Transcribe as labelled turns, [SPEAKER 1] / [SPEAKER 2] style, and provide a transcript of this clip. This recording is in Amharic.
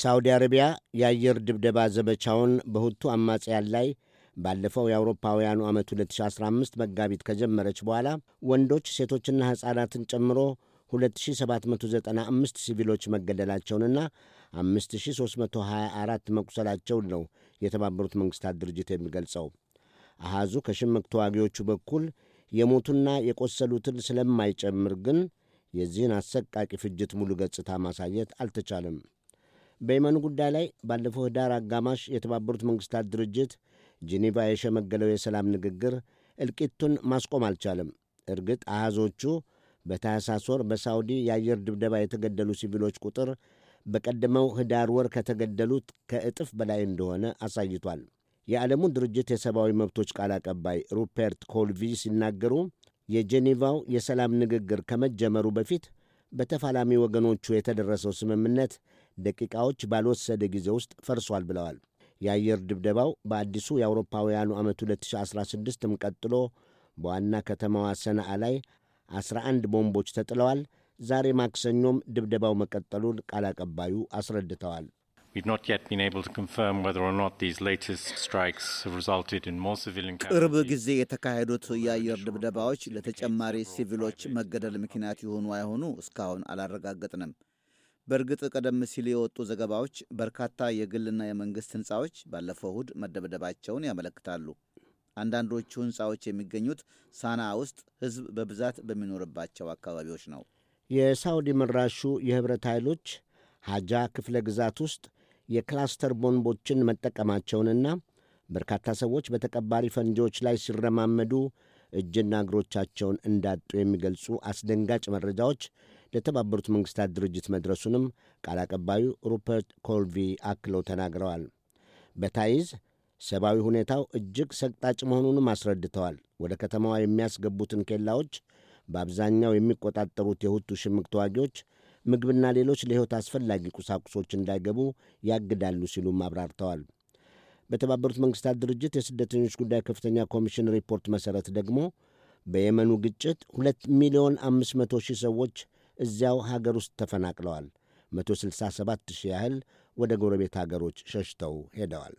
[SPEAKER 1] ሳውዲ አረቢያ የአየር ድብደባ ዘመቻውን በሁቱ አማጽያን ላይ ባለፈው የአውሮፓውያኑ ዓመት 2015 መጋቢት ከጀመረች በኋላ ወንዶች ሴቶችና ሕፃናትን ጨምሮ 2795 ሲቪሎች መገደላቸውንና 5324 መቁሰላቸውን ነው የተባበሩት መንግሥታት ድርጅት የሚገልጸው። አሃዙ ከሽምቅ ተዋጊዎቹ በኩል የሞቱና የቆሰሉትን ስለማይጨምር ግን የዚህን አሰቃቂ ፍጅት ሙሉ ገጽታ ማሳየት አልተቻለም። በየመኑ ጉዳይ ላይ ባለፈው ህዳር አጋማሽ የተባበሩት መንግሥታት ድርጅት ጄኔቫ የሸመገለው የሰላም ንግግር እልቂቱን ማስቆም አልቻለም። እርግጥ አሃዞቹ በታህሳስ ወር በሳውዲ የአየር ድብደባ የተገደሉ ሲቪሎች ቁጥር በቀደመው ህዳር ወር ከተገደሉት ከእጥፍ በላይ እንደሆነ አሳይቷል። የዓለሙን ድርጅት የሰብአዊ መብቶች ቃል አቀባይ ሩፐርት ኮልቪ ሲናገሩ የጄኔቫው የሰላም ንግግር ከመጀመሩ በፊት በተፋላሚ ወገኖቹ የተደረሰው ስምምነት ደቂቃዎች ባልወሰደ ጊዜ ውስጥ ፈርሷል ብለዋል። የአየር ድብደባው በአዲሱ የአውሮፓውያኑ ዓመት 2016ም ቀጥሎ በዋና ከተማዋ ሰነአ ላይ 11 ቦምቦች ተጥለዋል። ዛሬ ማክሰኞም ድብደባው መቀጠሉን ቃል አቀባዩ አስረድተዋል። ቅርብ
[SPEAKER 2] ጊዜ የተካሄዱት የአየር ድብደባዎች ለተጨማሪ ሲቪሎች መገደል ምክንያት ይሆኑ አይሆኑ እስካሁን አላረጋገጥንም። በእርግጥ ቀደም ሲል የወጡ ዘገባዎች በርካታ የግልና የመንግሥት ሕንፃዎች ባለፈው እሁድ መደብደባቸውን ያመለክታሉ። አንዳንዶቹ ሕንፃዎች የሚገኙት ሳና ውስጥ ሕዝብ በብዛት በሚኖርባቸው አካባቢዎች ነው።
[SPEAKER 1] የሳውዲ መራሹ የህብረት ኃይሎች ሐጃ ክፍለ ግዛት ውስጥ የክላስተር ቦንቦችን መጠቀማቸውንና በርካታ ሰዎች በተቀባሪ ፈንጂዎች ላይ ሲረማመዱ እጅና እግሮቻቸውን እንዳጡ የሚገልጹ አስደንጋጭ መረጃዎች ለተባበሩት መንግሥታት ድርጅት መድረሱንም ቃል አቀባዩ ሩፐርት ኮልቪ አክለው ተናግረዋል። በታይዝ ሰብአዊ ሁኔታው እጅግ ሰቅጣጭ መሆኑንም አስረድተዋል። ወደ ከተማዋ የሚያስገቡትን ኬላዎች በአብዛኛው የሚቆጣጠሩት የሁቱ ሽምቅ ተዋጊዎች ምግብና ሌሎች ለሕይወት አስፈላጊ ቁሳቁሶች እንዳይገቡ ያግዳሉ ሲሉም አብራርተዋል። በተባበሩት መንግስታት ድርጅት የስደተኞች ጉዳይ ከፍተኛ ኮሚሽን ሪፖርት መሠረት ደግሞ በየመኑ ግጭት 2 ሚሊዮን 500 ሺህ ሰዎች እዚያው ሀገር ውስጥ ተፈናቅለዋል። 167 ሺህ ያህል ወደ ጎረቤት ሀገሮች ሸሽተው ሄደዋል።